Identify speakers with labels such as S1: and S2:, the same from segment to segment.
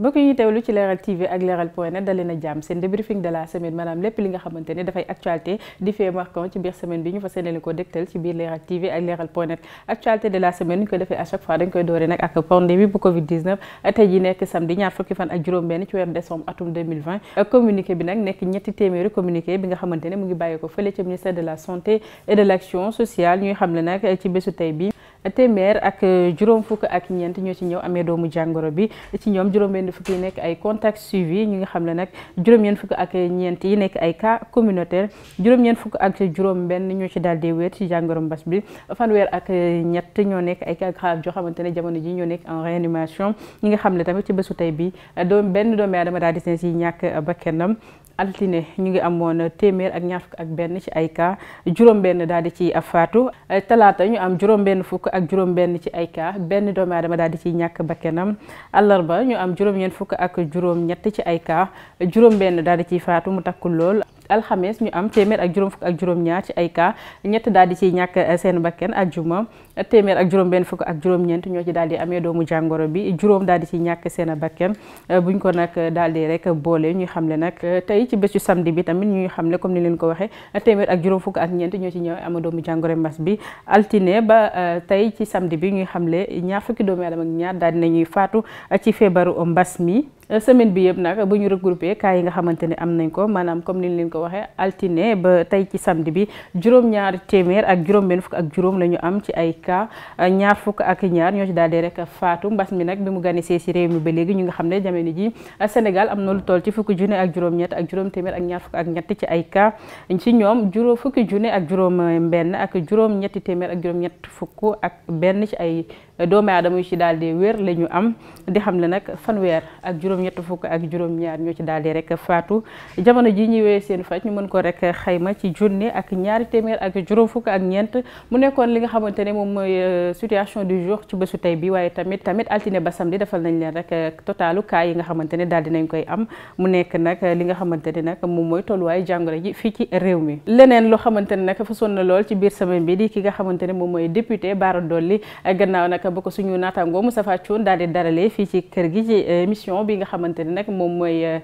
S1: mbokk yi ñuy teewlu ci Leral TV ak Leral point net dalee na jàmm seen débriefing de la semaine maanaam lépp li nga xamante ne dafay actualité di fait marquant ci biir semaine bi ñu fas yéene ko dégtal ci biir Leral TV ak Leral point net actualité de la semaine ñu koy defee à chaque fois dañ koy dooree nekk ak communiqué bi nag nekk ñetti téeméeri communiqué bi nga xamante ne mu ngi bàyyee ko fële ci ministère de la santé de l' action bi téeméer ak euh, juróom fukk ak ñeent ñoo ci ñëw amee doomu jàngoro bi ci ñoom juróom benn fukk yi nekk ay contact ñi nga xam ne nag juróom ñeent fukk ak ñeent yi nekk ay ka communautaire juróom ñeent fukk ak juróom benn ñoo ci daal di wéet ci jàngoro mbas bi fanweer ak euh, ñett ñoo nekk ay cas joo xamante ne jamono ji ñoo nekk en réanimation ñi nga xam ne tamit ci bésu tey bi euh, doom benn doomu aadama daal di seen si ñàkk bakkanam altine ñu ngi amoon téeméer ak ñaar fukk ak benn ci ay ka juróom benn daal di ci faatu talaata ñu am juróom benn fukk ak juróom-benn ci ay cas benn doomu aadama daal di ciy ñàkk bakkanam àllarba ñu am juróom-ñeent fukk ak juróom-ñett ci ay cas juróom-benn daal di ciy faatu mu takkul lool. alxames ñu am téeméer ak juróom fukk ak juróom-ñaar ci ay ka ñett daal di ciy ñàkk eh, seen bakken ajjuma téeméer ak juróom benn fukk ak juróom-ñeent ñoo ci daal di amee doomu jàngoro bi juróom daal di ñàkk seen bakken eh, buñ ko nag daal di rek ñu xam le nag eh, tey ci bésu samedi bi tamit ñu xam le comme ni leen ko waxee téeméer ak juróom fukk ak ñeent ñoo ci ñëw am doomu jàngoro mbas bi altine ba tey ci samedi bi ñuy xam le ñaar fukki doomu aadama ak ñaar daal dinañuy faatu ci feebaru mbas mi semaine bi yëpp nag bu ñu regroupé cas yi nga xamante ne am nañ ko maanaam comme niñ leen ko waxee altine ba tey ci samedi bi juróom-ñaar téeméer ak juróom-benn fukk ak juróom la ñu am ci ay cas ñaar fukk ak ñaar ñoo ci daal di rek faatu mbas mi nag bi mu ganisee si réew mi ba léegi ñu nga xam ne jamono ji Sénégal am na lu toll ci fukki junne ak juróom-ñett ak juróom téeméer ak ñaar ñett ci ay cas ci ñoom juróom fukki junne ak juróom benn ak juróom téeméer ak juróom fukk ak benn ci ay doomu aadama yu ci daal di wér la ñu am di xam le nag fanweer ak juróom-ñett fukk ak juróom-ñaar ñoo ci daal di rek faatu jamono ji ñu wéyee seen faj ñu mën ko rek xayma ci junni ak ñaari téeméer ak juróom fukk ak ñeent mu nekkoon li nga xamante ne moom mooy euh, situation du jour ci bésu tey bi waaye tamit tamit altine ba samedi defal nañ leen rek euh, totalu yi nga xamante ne daal dinañ koy am mu nekk nag li nga xamante ne nag moom mooy tolluwaay jàngoro ji fii ci réew mi leneen loo xamante ne nag fasoon na lool ci biir semaine bi di ki nga xamante ne moom mooy député Bara Dolly gannaaw nag bu ko suñu naataangoo mu Thioune daal di daralee fii ci kër gi ci euh, émission bi nga xamante ne nag moom mooy euh,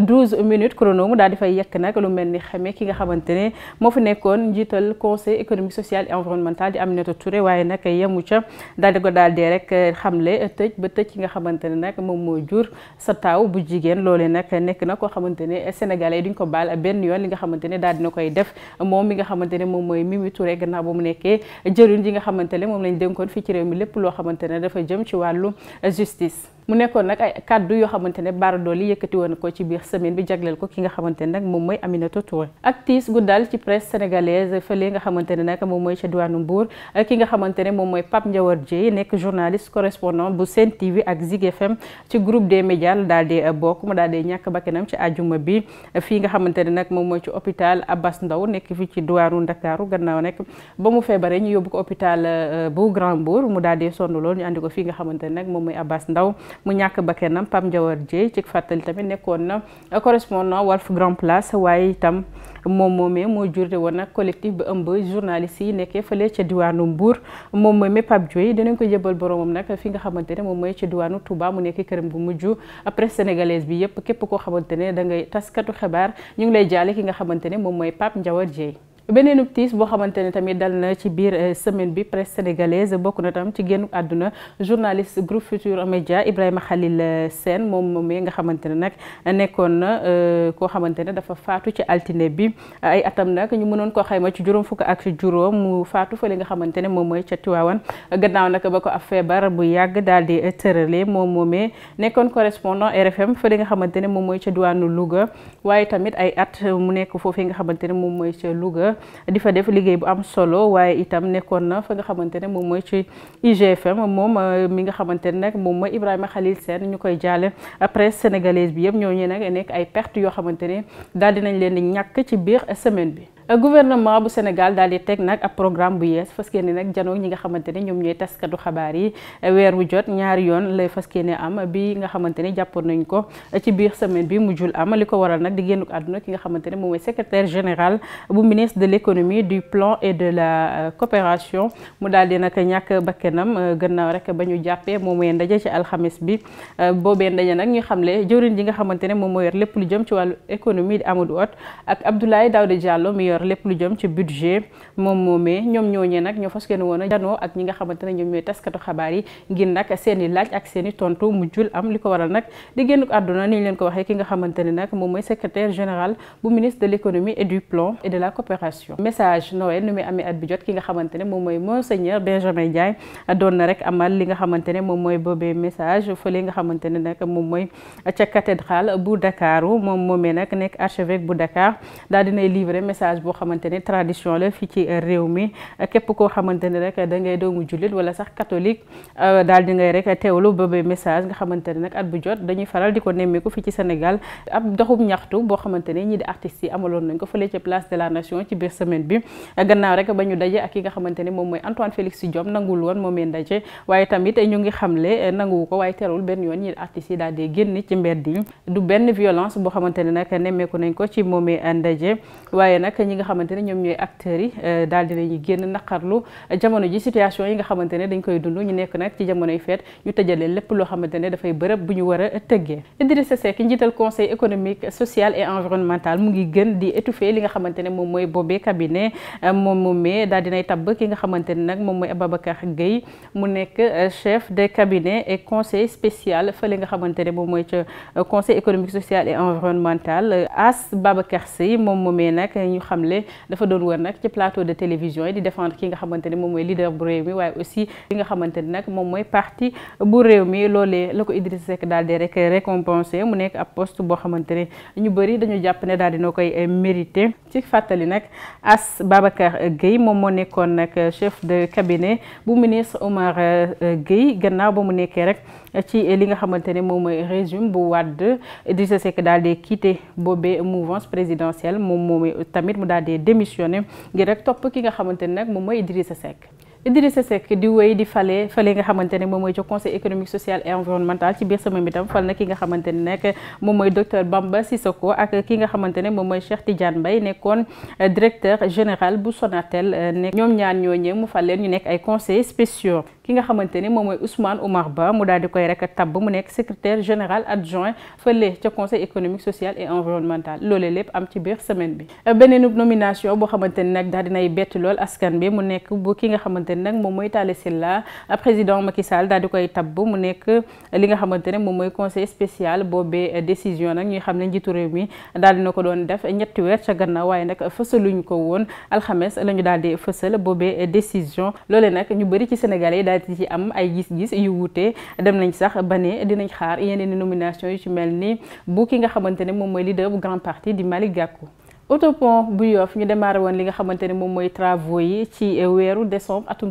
S1: 12 minutes chrono daal di yekk nag lu mel ni xeme ki nga xamante ne moo fi nekkoon njiital conseil économique social et environnemental di Aminata Touré waaye nag yemu ca daal di ko daal di rek xamle tëj ba tëj ki nga xamante ne nag moom moo jur sa taaw bu jigéen loolee nag nekk na koo xamante ne sénégalais yi duñ ko baal benn yoon li nga xamante ne daal dina koy def moom mi nga xamante ne moom mooy Mimi Touré gannaaw ba mu nekkee jëriñ yi nga xamante ne moom lañ dénkoon fii ci réew mi lépp loo xamante ne dafa jëm ci wàllu justice mu nekkoon nag ay kàddu yoo xamante ne Bara Dolly yëkkati woon ko ci biir semaine bi jagleel ko ki nga xamante ne nag moom mooy Aminata Touré ak tiis gu dal ci presse sénégalaise fële nga xamante ne nag moom mooy ca diwaanu Mbour ki nga xamante ne moom mooy Pape Ndiawar Dieye nekk journaliste correspondant bu Sen TV ak Zig FM ci groupe des médias la daal di bokk mu daal di ñàkk bakkanam ci àjjuma bi fii nga xamante ne nag moom mooy ci hôpital Abass Ndao nekk fii ci diwaanu Ndakaaru gannaaw nekk ba mu feebaree ñu yóbbu ko hôpital euh, bu Grand Mbour mu daal di sonn lool ñu ko fii nga xamante ne nag moom mooy Abass Ndao mu ñàkk bakkanam Pam Ndiawar Dieye ci fàttali tamit nekkoon na correspondant Walf Grand Place waaye itam moom moom moomee moo jurde woon nag collectif ba ëmb journaliste yi nekkee fële ca diwaanu Mbour moom moomee Pape Dioye dinañ ko jëbal boromam nag fi nga xamante ne moom mooy ci diwaanu Touba mu nekk këram gu mujj presse sénégalaise bi yëpp képp koo xamante ne da ngay taskatu xibaar ñu ngi lay jaale ki nga xamante ne moom mooy Pape Ndiawar Dieye beneen tiis boo xamante ne tamit dal na ci biir euh, semaine bi presse sénégalaise bokk na tam ci gen àdduna journaliste groupe Futur Média Ibrahima Khalil euh, seen moom moom nga xamante ne nag nekkoon na euh, koo xamante ne dafa faatu ci altine bi ay atam nag ñu mënoon koo xayma ci juróom fukk ak juróom mu faatu fa li nga xamante ne moom mooy ca Tiwaawan gannaaw nag ba ko ab feebar bu yàgg daal di tërale moom moomee nekkoon correspondant RFM fa li nga xamante ne moom mooy ca diwaanu Louga waaye tamit ay at mu nekk foofee nga xamante ne moom mooy ca Louga di fa def liggéey bu am solo waaye itam nekkoon na fa nga xamante ne moom mooy ci IGFM moom euh, mi nga xamante ne nag moom mooy Ibrahima Khalil Sène ñu koy jaale presse sénégalaise bi yëpp na nga nekk ay perte yoo xamante ne daal dinañ leen di ñàkk ci biir semaine bi. gouvernement bu Sénégal daal di teg nag a programme bu yees faskee yéene nag janoo ñi nga xamante ne ñoom ñooy taskatu xabaar yi weer wu jot ñaar yoon lay fas ne am bi nga xamante ne jàppoon nañ ko ci biir semaine bi mujjul am li ko waral nag di génn àdduna ki nga xamante ne moom mooy secrétaire général bu ministre de l' du plan et de la euh, coopération mu daal di nag ñàkk bakkanam euh, gannaaw rek ba ñu jàppee moom mooy ndaje ci alxames bi euh, boobee ndaje nag ñu xam xamle jëwriñ ji nga xamante ne moom mooy yor lépp lu jëm ci wàllu économie di ak yor lépp lu ci budget moom moomee ñoom ñooñee nag ñoo fas yéene woon a ak ñi nga xamante ñoom ñooy taskatu xabaar yi ngir nag seen laaj ak seen i tontu mujjul am li ko waral nag di génn àdduna ñu leen ko waxee ki nga xamante ne nag général bu ministre de l' et du plan et de la coopération message Noël nu muy amee at ki nga xamante ne monseigneur Benjamin Ndiaye doon na rek amal li nga xamante ne boo xamante ne tradition la fii ci réew mi képp koo xamante ne rek da ngay doomu jullit wala sax catholique euh, daal di ngay rek teewlu ba ba message nga xamante ne nag at bu jot dañuy faral di ko nemmeeku fii ci Sénégal ab doxum ñaxtu boo xamante ne ñi di artistes yi amaloon nañ ko fële ca place de la nation ci biir semaine bi gannaaw rek ba ñu daje ak ki nga xamante ne moom mooy Antoine Félix Diome nangul woon moom ndajee waaye tamit ñu ngi xamle nanguwu ko waaye teewul benn yoon ñi di artistes yi daal génn ci mbedd yi du benn violence boo xamante ne nag nemmeeku nañ ko ci moomee ndaje ñi nga xamante ne ñoom ñooy acteurs yi euh, daal dinañu génn naqarlu jamono ji situation yi nga xamante ne dañ koy dund ñu nekk nag ci jamonoy feet ñu tëjalee lépp loo xamante ne dafay bërëb bu ñu war a tëggee Idrissa Seck njiital conseil économique social et environnemental mu ngi gën di étouffer li nga xamante ne moom mooy boobee cabinet euh, moom moomee daal dinay tabb ki nga xamante ne nag moom mooy Ababacar Gueye mu nekk euh, chef de cabinet et conseil spécial fële nga xamante moom mooy conseil économique social et environnemental As Babacar Seye moom moomee xamle dafa doon wër nag ci plateau de télévision yi di défendre ki nga xamante ne moom mooy leader bu réew mi waaye la ko Idriss Seck daal di rek récompensé mu nekk ab poste boo xamante ne ñu bëri dañu jàpp ne daal dina koy eh, mérité ci fàttali nag As Babacar Gueye moom moo nekkoon nag chef de cabinet bu ministre Omar eh, Gueye gannaaw ba mu nekkee rek ci li nga xamante ne moom mooy régime bu Wade Idriss Seck daal di quitté boobee mouvance présidentielle moom moom tamit daal di démissionné ngir rek topp ki nga xamante nag moom mooy Idrissa Seck. Idrissa Seck di wéy di fale fale nga xamante ne moom mooy ci conseil économique social et environnemental ci biir sama itam fal na ki nga xamante ne nag moom mooy docteur Bamba Sissoko ak ki nga xamante ne mooy Cheikh Tidiane Mbaye nekkoon euh, directeur général bu Sonatel euh, nekk ñoom ñaan ñoo ñëw mu fal leen ñu nekk ay conseillers spéciaux. ki nga xamante ni moom mooy Ousmane a Ba mu daal di koy rek tabb mu nekk secrétaire général adjoint fële ca conseil social et environnemental loolee lépp am ci biir semaine bi. Euh, beneen nomination xamante ni nag daal dinay lool askan bi mu nekk bu ki nga xamante ni nag moom mooy Talla Sylla euh, président Macky Sall daal di koy tabb mu nekk li nga xamante ne moom mooy conseil spécial boobee décision nag ñuy xam ne njiitu réew mi daal dina ko doon def ñetti weer ca gannaaw waaye nag fësaluñu ko woon alxames la ñu daal di fësal boobee décision loolee nag ñu bëri ci Sénégalais daal di ci am ay gis-gis yu wuute dem nañ sax ba ne dinañ xaar yeneen i nomination yu ci mel ni bu ki nga xamante ne moom mooy leader bu grand parti di mali Gakou autopont bu Yoff ñu démarré woon li nga xamante ne moom mooy travaux yi ci eh, weeru décembre atum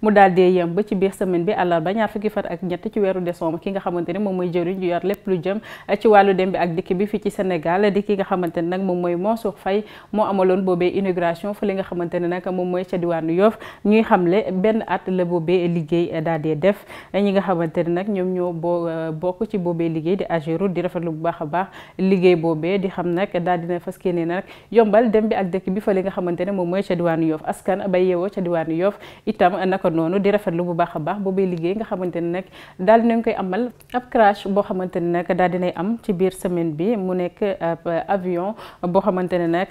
S1: mu daal dee ci biir semaine bi àllarba ñaar fukki fan ak ñett ci weeru décembre ki nga xamante ne moom mooy jëriñ ju yor lépp lu jëm eh, ci wàllu dem bi ak dikk bi fii ci Sénégal di ki nga xamante ne nag moom moo amaloon boobee inauguration fa li nga xamante ne nag moom mooy ca diwaanu Yoff ñuy xamle benn at la boobee liggéey daal dee def ñi nga xamante ne nag ñoom ñoo boo eh, bokk ci boobee liggéey di Ageroute di rafetlu bu baax a baax liggéey boobee di yéene na nag yombal dem bi ak dëkk bi fa li nga xamante ne moom mooy ca diwaanu a baax boobee liggéey nga xamante ne nag daal ne nag daal dinay am ci biir semaine bi mu nekk avion boo xamante ne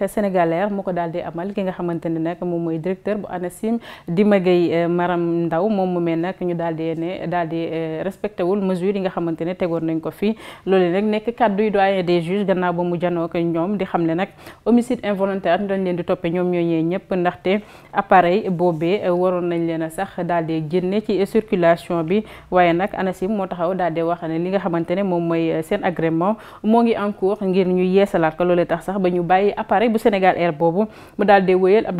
S1: moo ko di amal ki nga xamante ne nag moom mooy mu mel nag ñu daal di ne daal di euh, respecté wul mesures yi nekk kàddu yi doyen des juges gannaaw ba mu janoo ko ñoom di xam ne nag homicide involontaire dañ leen di ñoom ñooñee ñëpp ndaxte appareil boobee waroon leen a sax daal di génne ci circulation bi waaye nag ANACIM moo taxaw daal di wax ne li nga xamante ne moom mooy seen agrément moo ngi en cours ngir ñu yeesalaat ko loolee tax sax ba ñu bàyyi appareil bu Sénégal Air boobu mu daal di wéyal ab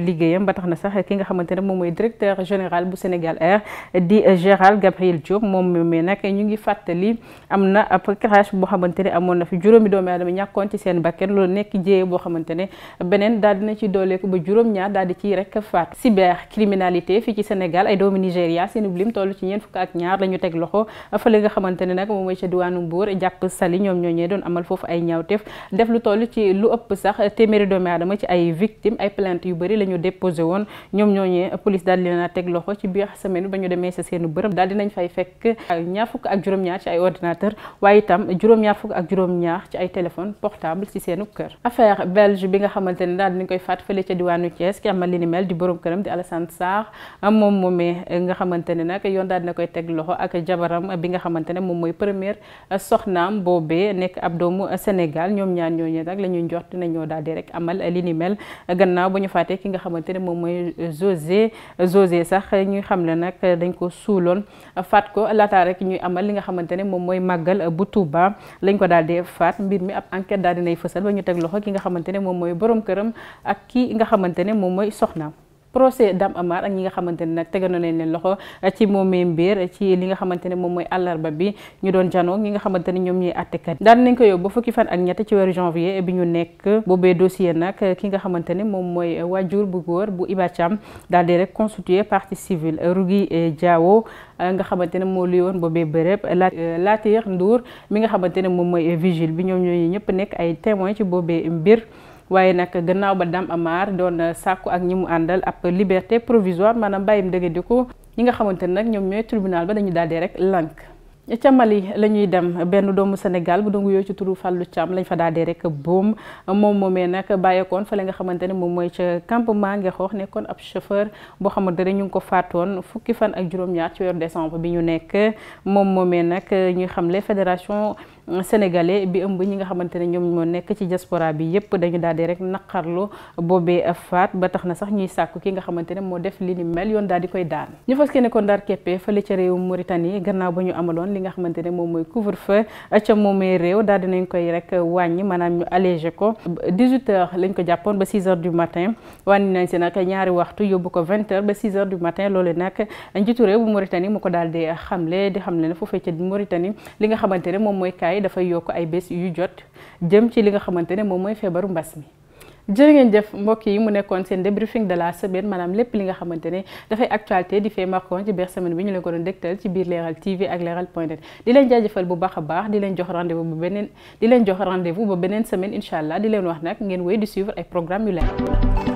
S1: na sax ki nga xamante ne moom mooy directeur général bu Sénégal Air di Gérald Gabriel Diop moom mi nag ñu ngi fàttali am na ab crash boo xamante ne beneen daal dina ci dooleeku ba juróom-ñaar daal ci ciy rek faat cybercriminalité fii ci Sénégal ay doomu Nigéria seen ub lim toll ci ñeent fukk ak ñaar la ñu teg loxo fële nga xamante ne nag moom mooy ca diwaanu Mbour jàpp Sali ñoom ñooñee doon amal foofu ay ñaawteef def lu toll ci lu ëpp sax téeméeri doomu dama ci ay victimes ay plainte yu bari la ñu déposé woon ñoom ñooñee police daal di leen a teg loxo ci biir semaine ba ñu demee sa seenu bërëb daal dinañ fay fekk ñaar fukk ak juróom-ñaar ay ordinateur waaye itam juróom-ñaar fukk ak juróom ci ay téléphone portable ci seenu kër belge bi nga xamante ne daal dinañ koy faat fële ca diwaanu Thiès ki amal li nga ne nag yoon daal dina koy teg loxo ak jabaram bi nga xamante ne moom mooy première soxnaam boobee nekk ab doomu Sénégal ñoom ñaar ñooñu nag la ñuy njort ne ñoo daal di rek li ni mel gannaaw ba ñu faatee ki nga xamante ne moom mooy José José sax ñuy xam le nag dañ ko suuloon faat ko laataa rek ñuy amal li nga xamante ne moom mooy màggal bu Touba lañ ko daal di faat mbir mi ab enquête daal dinay fësal ba ñu teg loxo ki nga xam xamante ne moom mooy borom këram ak kii nga xamante ne moom mooy soxnaam procès Dame Amar ak ñi nga xamante ne nag tegano leen leen loxo ci moomee mbir ci li nga xamante ne moom mooy àllarba bi ñu doon janoo ñi nga xamante ne ñoom ñuy àttekat daan nañ ko yóbbu ba fukki fan ak ci weeru bi ñu nekk boobee dossier nag ki nga xamante ne moom mooy waajur bu góor bu Iba Thiam daal di rek constitué partie civile Rougui Diawo nga xamante ne moo luy woon boobee bërëb Latir Ndour mi nga xamante ne moom mooy vigile bi ñoom ñooñu ñëpp nekk ay témoin ci boobee mbir waaye nag gannaaw ba a Amar doon euh, sàkku ak ñi mu àndal ab liberté provisoire maanaam bàyyim dëgg di ko ñi nga xamante ne nag ñoom ñooy tribunal ba dañu daal di rek lànk ca Mali la ñuy dem benn doomu Sénégal bu doon yoo ci turu Fallou Thiam lañ fa daadee rek boom moom moomee nag bàyyeekoon fa la nga xamante ne moom mooy ca campement Ngexoox nekkoon ab chauffeur boo xamante ne ñu ngi ko faatoon fukki fan ak juróom-ñaar ci weeru décembre bi ñu nekk moom moomee nag ñuy xamle fédération sénégalais bi ëmb ñi nga xamante ne ñoom moo nekk ci diaspora bi yépp dañu daadee rek naqarlu boobee faat ba tax na sax ñuy sàkku ki nga xamante ne moo def li ni mel yoon daal di koy daan ñu fas kee ne ko keppee fële ca réew gannaaw ba ñu amaloon li nga xamante ne moom mooy couvre-feu ca moomee réew daal dinañ koy rek wàññi maanaam ñu allégé ko 18 heures lañ ko jàppoon ba 6 heures du matin wàññi nañ si nag ñaari waxtu yóbbu ko 20 heures ba 6 heures du matin loolu nag njiitu réew bu Mauritanie mu ko daal di xamle di xamle ne foofee ca Mauritanie li nga xamante ne moom mooy kaay dafay yokk ay bés yu jot jëm ci li nga xamante ne moom mooy feebaru mbas mi jërë ngeen jëf mbokk yi mu nekkoon seen débriefing de la semaine maanaam lépp li nga xamante ne dafay actualité di fait marquant ci biir semaine bi ñu leen ko doon dégtal ci biir leeral TV ak leeral point net di leen jaajëfal bu baax a baax di leen jox rendez-vous ba beneen leen jox rendez-vous ba beneen semaine incha allah di leen wax nag ngeen wéy di suivre ay programme yu leer